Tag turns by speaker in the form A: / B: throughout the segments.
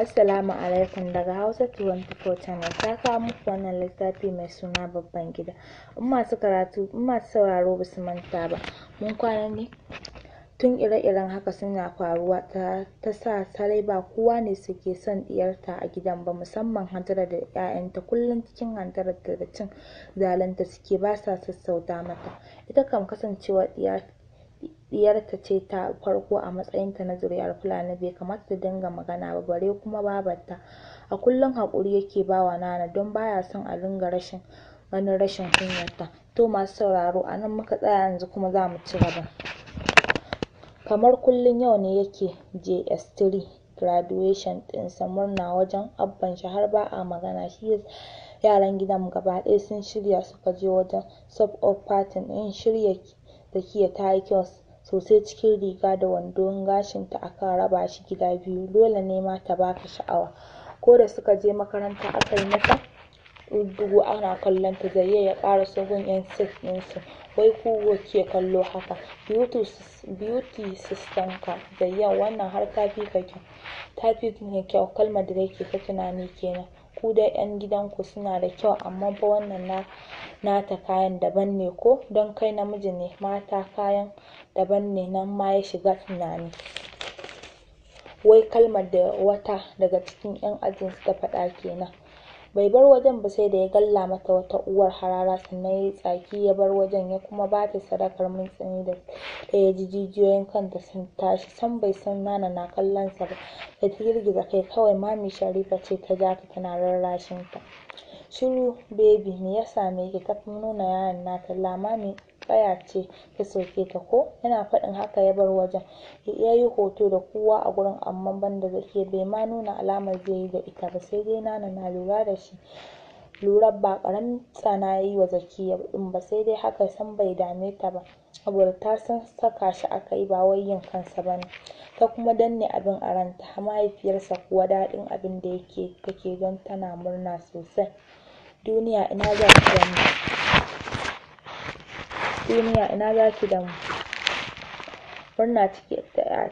A: Assalamu alaikum daga Hausa 24 Channel ta kawo muku wannan littafi mai suna babban gida. In masu karatu in masu sauraro ba su manta ba, mun kwana ne tun ire-iren haka suna faruwa ta, sa sarai ba kowa ne suke son diyarta a gidan ba musamman hantara da 'ya'yanta kullum cikin hantarar da cin zalunta suke ba sa sassauta mata. Ita kam kasancewa ɗiya ɗiyarta ce ta farko a matsayinta na zuriyar Fulani bai kamata ta dinga magana ba bare kuma babarta a kullum haƙuri yake bawa Nana don baya son a dinga rashin ganin rashin kunyarta to masu sauraro a nan muka tsaya yanzu kuma za mu ci gaba kamar kullum yau ne yake JS3 graduation ɗinsa murna wajen abban shi har ba a magana shi yaran gidan gaba ɗaya sun shirya suka je wajen sub of party ɗin shirya Zakiya ta yi kyau sosai cikin riga da wando gashinta akan raba shi gida biyu dole ne ma ta baka sha'awa ko da suka je makaranta aka yi mata dugu ana kallon ta Zayyau ya ƙara gun ƴan sis ɗinsu wai ku ke kallo haka beauty system ka Zayyau wannan har ta fi ka kyau ta fi kyau kalmar da ta tunani kenan ku dai 'yan gidanku suna da kyau amma fa wannan na nata kayan daban ne ko don kai namiji ne mata kayan daban ne nan ma ya shiga tunani wai kalmar da wata daga cikin 'yan su ta faɗa kenan bai bar wajen ba sai da ya galla mata wata uwar harara sannan ya tsaki ya bar wajen ya kuma ba ta sadakar mintsini da ta ya ji jijiyoyin kanta sun tashi san bai san nana na kallonsa ba da ta girgiza kai kawai mami sharifa ce ta ja ta tana rarrashin ta shiru baby me ya same ki ta nuna yaron nata ma me ƙaya ce ta soke ta ko yana faɗin haka ya bar wajen ya yi hoto da kowa a gurin amma banda zakiya bai ma nuna alamar zai yi da ita ba sai dai nana na lura da shi lura ba ƙaramin tsana ya yi wa zakiya ɗin ba sai dai haka san bai dame ta ba saboda ta san saka shi aka yi ba wai yin kansa ba ne ta kuma danne abin a ranta mahaifiyarsa kuwa daɗin abin da yake take don tana murna sosai duniya ina za ki gani duniya ina za ki da murna cike da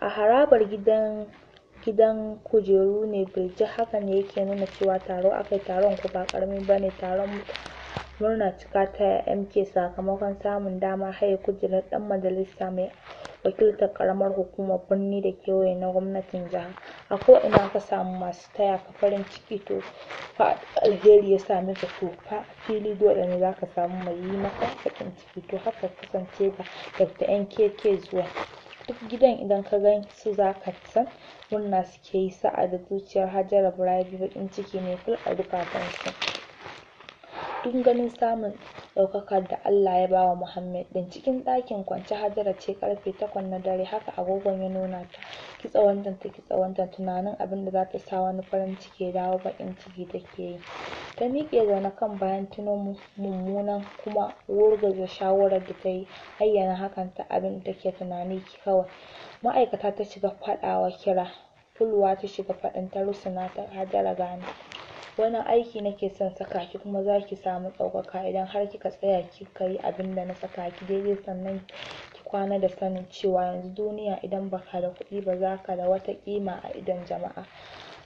A: a harabar gidan gidan kujeru ne haka hakan yake nuna cewa taro aka yi taron ko ba ƙarami ba ne taron murna cika ta MK sakamakon samun dama haye kujerar ɗan majalisa mai wakiltar ƙaramar hukumar birni da kewaye na gwamnatin jiha a ko ina ka samu masu taya ka farin ciki to fa alheri ya same ka to fa a fili dole ne zaka samu mai yi maka baƙin ciki to haka kasance da yan keke zuwa duk gidan idan ka gan su zaka san murna suke yi sa'a da zuciyar Hajara Rabi baƙin ciki ne ful a zukatansu duk ganin samun ɗaukakar da Allah ya bawa Muhammad ɗin. Cikin ɗakin kwance Hajara ce ƙarfe takwas na dare haka agogon ya nuna ta. Kitsawanta ta kitsawanta tunanin abin da za ta sa wani farin ciki ya dawo baƙin ciki take yi. Ta miƙe zaune kan bayan tuno mummunan kuma wurgaza shawarar da ta yi ayyana hakan ta abin da take tunani ki kawai. Ma'aikata ta shiga faɗawa kira. Fulwa ta shiga faɗin ta rusuna ta Hajara gane. wani aiki nake son saka ki kuma zaki samu ɗaukaka idan har kika tsaya kika yi abinda na saka ki daidai sannan ki kwana da sanin cewa yanzu duniya idan baka da kuɗi ba zaka da wata ƙima a idon jama'a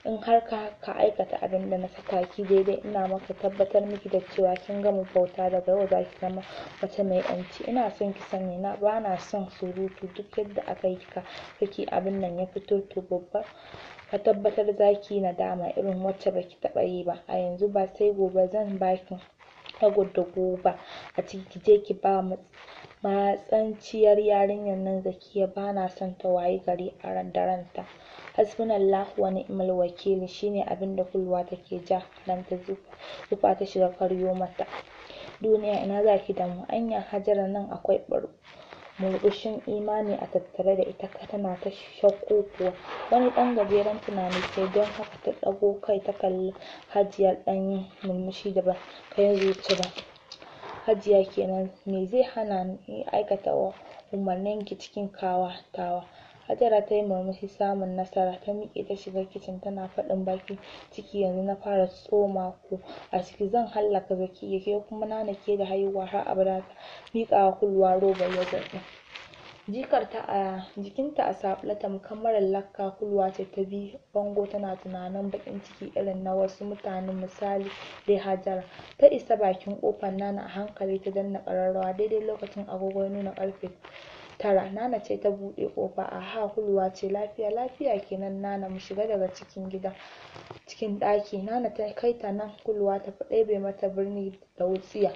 A: in har ka ka aikata abinda na saka ki daidai ina maka tabbatar miki da cewa kin gama bauta daga yau zaki zama mace mai ƴanci ina son ki sani na bana son surutu duk yadda aka yi kika saki abin nan ya fito to babba ka tabbatar zaki nadama irin wacce baki taɓa yi ba a yanzu ba sai gobe zan baki agwad da goba a ciki je ki ba matsanciyar yarinyar nan Zakiya na son ta wayi gari a ran da ranta hasbunallahu wa ni'mal wakil shine abinda kulwa take ja ranta zufa ta shiga karyo mata duniya ina zaki damu anya Hajara nan akwai ɓar murƙushin imani a tattare da ita tana ta shakku kuwa wani ɗan gajeren tunani ce don haka ta ɗago kai ta kalli Hajiya ɗan murmushi da ba kai zuci ba Hajiya kenan me zai hana ni aikata umarnin ki cikin kawatawa Hajara ta yi murmushin samun nasara ta miƙe ta shiga kicin tana faɗin baki ciki yanzu na fara tsoma ko a ciki zan hallaka zaki ke kuma na nake da haihuwa har abada ta miƙa kulwa robar yogurt jikar ta a jikinta a saɓale tamkar lakka kulwa ce ta bi bango tana tunanin baƙin ciki irin na wasu mutane misali dai Hajara. Ta isa bakin ƙofar Nana a hankali ta danna ƙararrawa daidai lokacin agogo ya nuna ƙarfe tara nana ce ta buɗe ƙofa ha! kulwa ce lafiya lafiya kenan nana mu shiga daga cikin gida cikin ɗaki nana ta kai ta nan kulwa ta ɗebe mata birni da wutsiya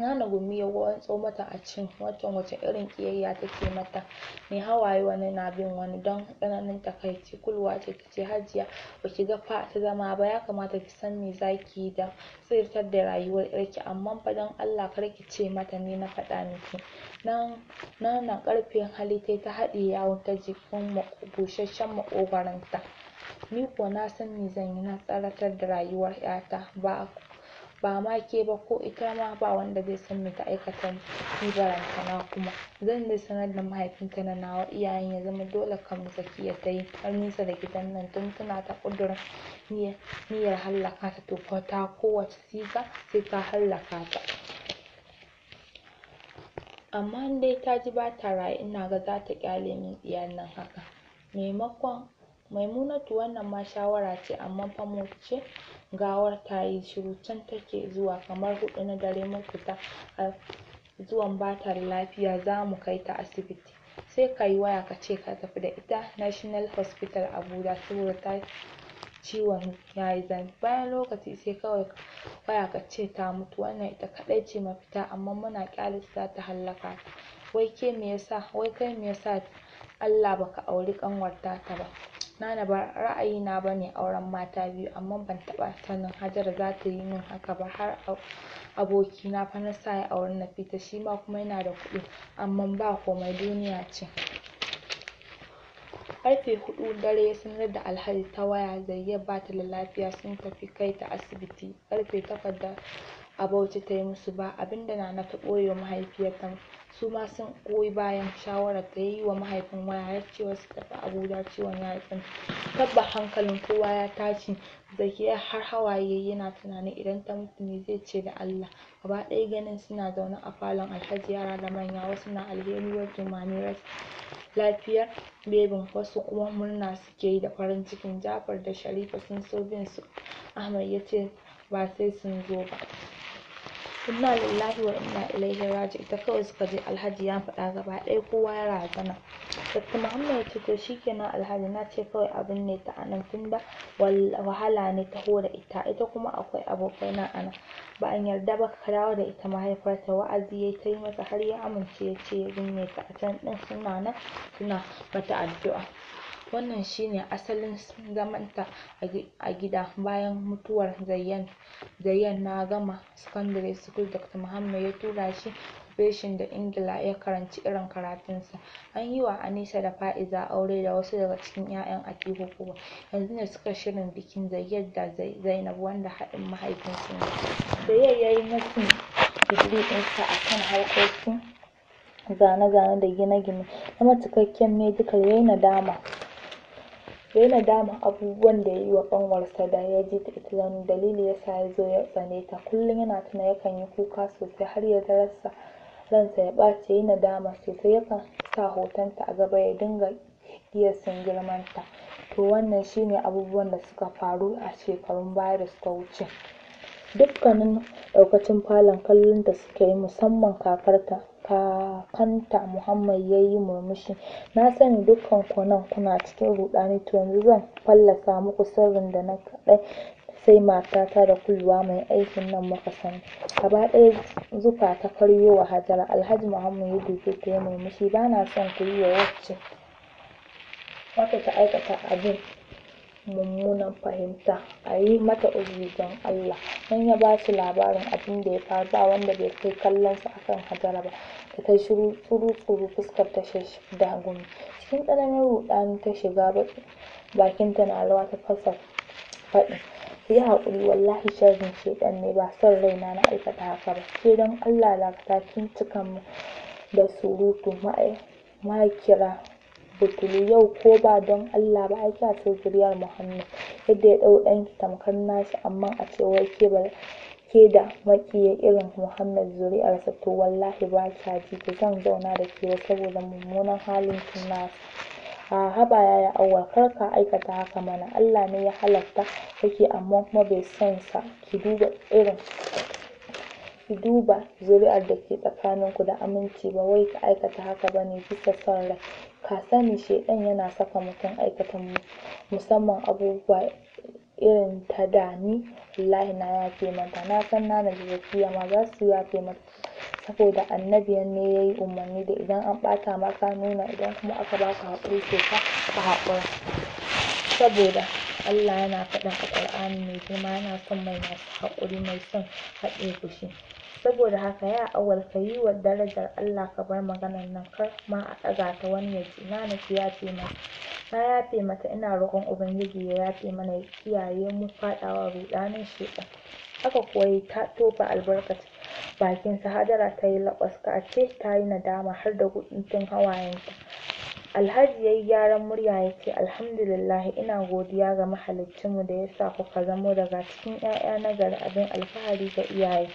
A: Yohana gumi ya tso mata a cin watan wace irin ƙiyayya take mata me hawaye wani na bin wani don tsananin takaici kulwa ce ta ce hajiya ba ki ga fa ta zama ba ya kamata ki san me za ki yi da tsirtar da rayuwar ƴarki amma fa don Allah kar ki ce mata ni na faɗa miki nan nan ƙarfin hali tai ta haɗiye yawun ta jikin busasshen maƙogwaronta ni kuwa na san me zan yi na tsaratar da rayuwar 'yata ba ba ma ke ba ko ita ma ba wanda zai san me ta aikata ni barantana kuma zan dai sanar da mahaifinta na nawa iyayen ya zama dole kan sakiya ta yi har nisa da gidan nan tun tana ta ƙudurin niyyar hallaka ta to fa ta kowace siga sai ta hallaka ta amma dai ta ji ba ta raye ina ga za ta ƙyale min iya nan haka maimakon Maimunatu wannan ma shawara ce amma fa mu ce gawar tayi shiru can take zuwa kamar huɗu na dare mun fita a zuwan batar lafiya zamu mu kai ta asibiti sai kayi waya kace ka tafi da ita National Hospital Abuja saboda ta ciwon ya zafi bayan lokaci sai kawai waya kace ta mutu wannan ita kaɗai ce mafita amma muna ƙyale zata ta hallaka wai ke me yasa wai kai me yasa Allah baka auri ƙanwar tata ba nana ba ra'ayi na bane auren mata biyu amma ban taɓa sanin Hajara zata yi min haka ba har abokina fa na sa ya auri Nafisa shi ma kuma yana da kuɗi amma ba komai duniya ce. ƙarfe huɗu dare ya sanar da Alhaji ta waya Zainab bata da lafiya sun tafi kai ta asibiti ƙarfe takwas da a Bauchi ta yi musu ba abinda Nana ta ɓoye wa mahaifiyarta su ma sun koyi bayan shawarar ta ya yi wa mahaifin waya cewa su tafi abuja ciwon ya tsananta tabba hankalin kowa ya tashi zakiya har hawaye yana tunanin idan ta mutu me zai ce da allah gaba ɗaya ganin suna zaune a falon alhaji yara da manya wasu na alheri wasu jimami lafiyar bebin wasu kuma murna suke yi da farin cikin jafar da sharifa sun so bin su ahmad ya ce ba sai sun zo ba inna lillahi wa inna ilaihi raji ita kawai suka je alhaji ya faɗa gaba ɗaya kowa ya razana dr muhammad ya ce to shikenan alhaji na ce kawai abin ne ta anan da wahala ne ta da ita ita kuma akwai abokai na anan ba an yarda ba ka dawo da ita mahaifarta wa'azi ya ta yi masa har ya amince ya ce ya binne ta a can ɗin suna nan suna mata addu'a wannan shine asalin zamanta a gida bayan mutuwar Zayyan Zayyan na gama secondary school Dr. Muhammad ya tura shi Beshin da Ingila ya karanci irin karatunsa. An yi wa Anisa da Fa'iza aure da wasu daga cikin 'ya'yan Atiku kuma yanzu ne suka shirin bikin zayyar da Zainab wanda haɗin mahaifinsu ne. Zayyad ya yi musu digiri ɗinsa a kan harkokin zane-zane da gine-gine kuma cikakken medical ya yi nadama. ya yi abubuwan da ya yi wa ƙanwarsa da ya ji ta ita wani dalili ya sa ya zo ya tsane ta kullum yana tuna yakan yi kuka sosai har ya rasa ransa ya ɓaci ya yi nadama sosai yakan sa hotonta a gaba ya dinga kiyasin girmanta to wannan shine abubuwan da suka faru a shekarun baya da suka wuce dukkanin ɗaukacin falon kallon da suka yi musamman kakarta Kakanta Muhammad ya yi murmushi. Na sani ku nan kuna cikin ruɗani, to yanzu zan fallasa muku sirrin da na kaɗai sai matata da kulwa mai aikin nan muka sani. Gaba ɗaya zufa ta karyo wa Hajara. Alhaji Muhammad ya dube ta ya yi murmushi. Ba na son ku yi wa wacce wata ta aikata abin. mummunan fahimta a yi mata uzuri don Allah don ya ba shi labarin abin da ya faru ba wanda bai kai kallonsa akan hadara ba da ta shiru tsuru-tsuru fuskar ta da gumi cikin tsananin ruɗani ta shiga bakinta na rawa ta fasa faɗin ki yi haƙuri wallahi sharrin shaiɗan ne ba son raina na aikata haka ba ke don Allah dakata kin cika mu da surutu kira bukulu yau ko ba don Allah ba ai a ce zuriyar Muhammad yadda ya ɗau ɗanki tamkar nashi amma a ce wai ke ba ke da makiya irin Muhammad zuri'arsa to wallahi ba kya ji ki zan zauna da ke ba saboda mummunan halin ki a haba yaya awwal kar ka aikata haka mana Allah ne ya halatta kake amma kuma bai son sa ki duba irin ki duba zuri'ar da ke tsakaninku da aminci ba wai ka aikata haka ba ne bisa son rai ka sani shaiɗan yana saka mutum aikata musamman abubuwa irin ta da ni wallahi na yafe mata na san na naji gaskiya ma za su yafe mata saboda annabiyan ne ya yi umarni da idan an ɓata ma ka nuna idan kuma aka baka haƙuri to ka ka haƙura saboda Allah yana faɗin a Ƙur'ani mai girma yana son mai masu haƙuri mai son haɗe fushi saboda haka ya awal ka yi wa darajar Allah ka bar maganar nan kar ma a ɗaga ta wani ya ji. na nufi ya ce mata na yafe mata ina roƙon ubangiji ya yafe mana ya kiyaye mu faɗawa ruɗanin koyi haka kuwa ya ta tofa albarkacin sa hadara ta yi laƙwas ka ce ta yi nadama har da guntun hawayenta Alhaji ya yi gyaran murya ya ce alhamdulillahi ina godiya ga mu da ya sa kuka zamo daga cikin 'ya'ya na gari abin alfahari ga iyaye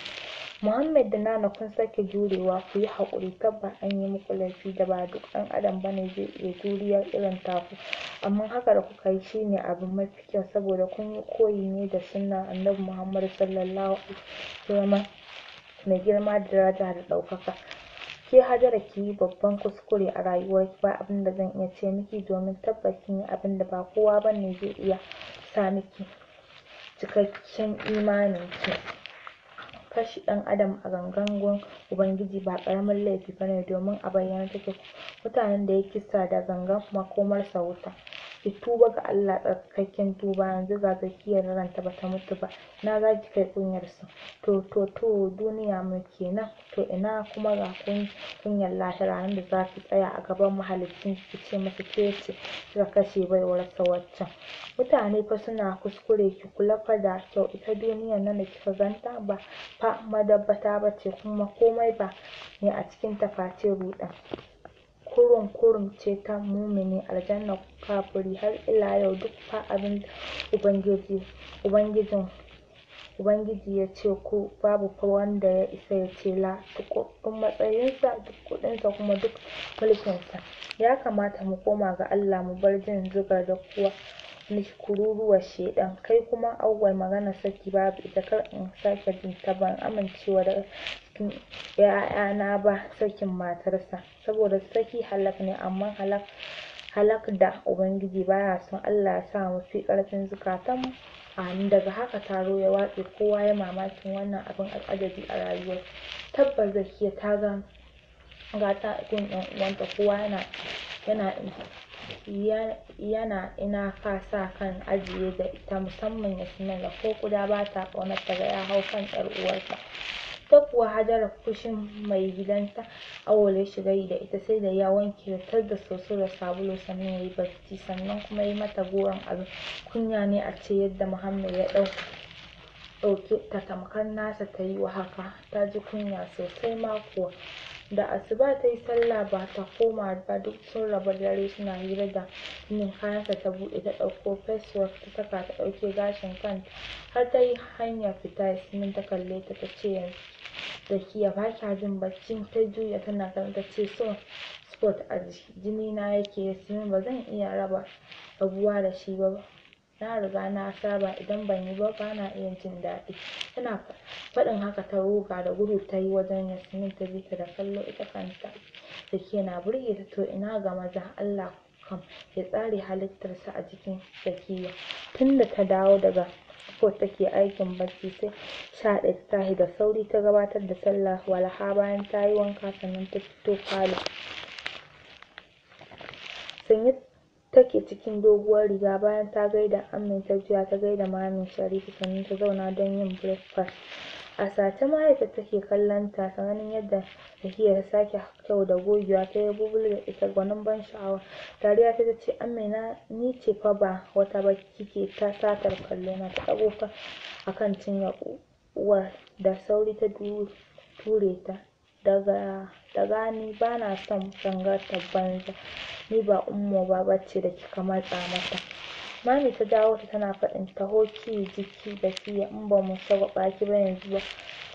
A: Muhammad da Nana kun sake jurewa, ku yi haƙuri, tabbas an yi muku laifi da ba duk ɗan adam ba ne zai iya juriya irin taku, amma haka da kuka yi shi ne abu mafi kyau saboda kun yi koyi ne da sunan Annabi Muhammadu Sallallahu Alaihi mai girma da daraja da ɗaukaka. Ke Hajara ki yi babban kuskure a rayuwarki, ba abin da zan iya ce miki domin tabbas kin yi abin da ba kowa ba ne zai iya sa miki cikakken imaninki. kashe ɗan adam a gangan ubangiji ba ƙaramin laifi bane domin a bayyane take mutanen da ya kisa da gangan makomarsa wuta ki tuba ga Allah tsarkaken tuba yanzu ga ran ranta bata mutu ba ina ki kai kunyar sa? to to to duniya mu kenan to ina kuma ga kunyar lahira da zaki tsaya a gaban mahaliccin ki ce masa ke ce kika kashe baiwar sa waccan mutane fa suna kuskure ki kula fa da kyau ita duniyar nan da kika ganta ba fa madabbata bace kuma komai ba ne a cikin ta face kurun kurun ce ta mumini aljanna kafiri har ila yau duk fa abin ubangiji ubangijin ubangiji ya ce ko babu fa wanda ya isa ya ce la duk matsayinsa duk kuɗinsa kuma duk mulkinsa ya kamata mu koma ga Allah mu bar jin zuga da kuwa mishi kururuwar sheɗan kai kuma Auwal maganar saki babu ita kar in sake jin ban amincewa da ‘ya'yana ba sakin matarsa saboda saki halak ne amma halak halak da Ubangiji baya son Allah ya sa mu fi ƙarfin zukatanmu amin daga haka taro ya watse kowa ya mamakin wannan abin al'ajabi a rayuwar tabbas Zakiya ta gano gata gun ɗan eh, uwanta kowa yana yana yana ina ka sa kan ajiye da ita musamman ya mana ko kuda ba ta ƙaunarta ga ya hau kan ƴar uwarta ta kuwa Hajara fushin mai gidanta awole shi da ita sai da ya wanke ta da soso da sabulu sannan ya yi barci sannan kuma ya mata goron abin kunya ne a ce yadda Muhammad ya ɗau ɗauke ta tamkar nasa ta yi wa haka ta ji kunya sosai ma kuwa Da asuba ta yi sallah ba ta koma ba duk sun rabu dare suna hira da yin kayansa ta buɗe ta ɗauko face ta saka ta ɗauke gashin kanta har ta yi hanya fita Yasmin ta kalle ta ta ce Zakiya ba kya jin bacci ta juya tana kan ta ce so spot a jini na yake Yasmin ba zan iya raba abuwa da shi ba na riga na saba idan ban yi ba bana iya jin daɗi tana faɗin haka ta ruga da gudu ta yi wajen Yasmin ta bi ta da kallo ita kanta ce na burge ta to ina ga maza Allah kam ya tsare halittarsa a jikin Zakiya tunda ta dawo daga ko take aikin bacci sai sha ɗaya ta tashi da sauri ta gabatar da sallah walaha bayan ta yi wanka sannan ta fito falo yi take cikin doguwar riga bayan ta gaida Amin ta juya ta gaida Mamin Sharifu sannan ta zauna don yin breakfast. A sace mahaifiyar take kallon ta ta ganin yadda Zakiya ta sake kyau da gogewa ta yi bubul da ita gwanin ban sha'awa. Dariya ta ce Amina ni ce fa ba wata ba kike ta satar kallo na ta ɗago akan cinye uwar da sauri ta ture ta. daga daga ni na son sangartar banza ni ba umma ba bace da kika matsa mata mami ta dawo ta tana faɗin taho ki jiki bakiya in ba mu sauƙaƙa ki ba yanzu ba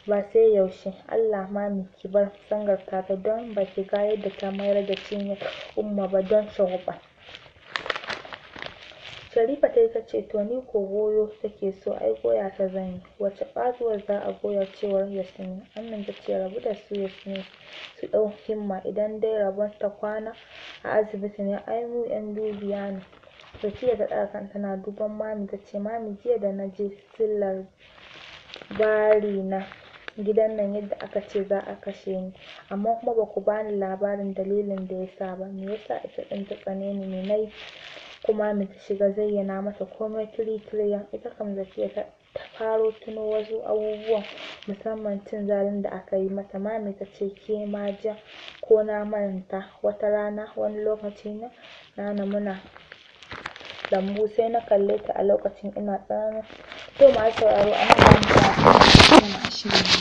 A: ba sai yaushe Allah mami ki bar sangarta ta don baki ga yadda ta mayar da cinyar umma ba don shagwaɓa Sharifa ta yi ta ce, To ni ko goyo take so ai goya ta zan yi, wace ƙatuwar za a goya cewar Yasmin. Amnan ta ce, Rabu da su Yasmin su ɗau himma idan dai rabon ta kwana a asibiti ne ai mu 'yan dubiya ne. Rukiya ta tsaya kan tana duban mami ta ce, Mami jiya da na je sillar bari na gidan nan yadda aka ce za a kashe ni amma kuma baku bani labarin dalilin da ya sa ba me yasa ita ɗin ta tsane ni me kuma mu shiga zayyana mata komai tiri 'yan ita kam Zakiya ta ta faro tuno wasu abubuwan musamman cin zalin da aka yi mata mami ta ce ke ma ja ko na manta wata rana wani lokaci na nana muna lambu sai na kalle ta a lokacin ina tsananin to masu sauraro a nan za mu tsaya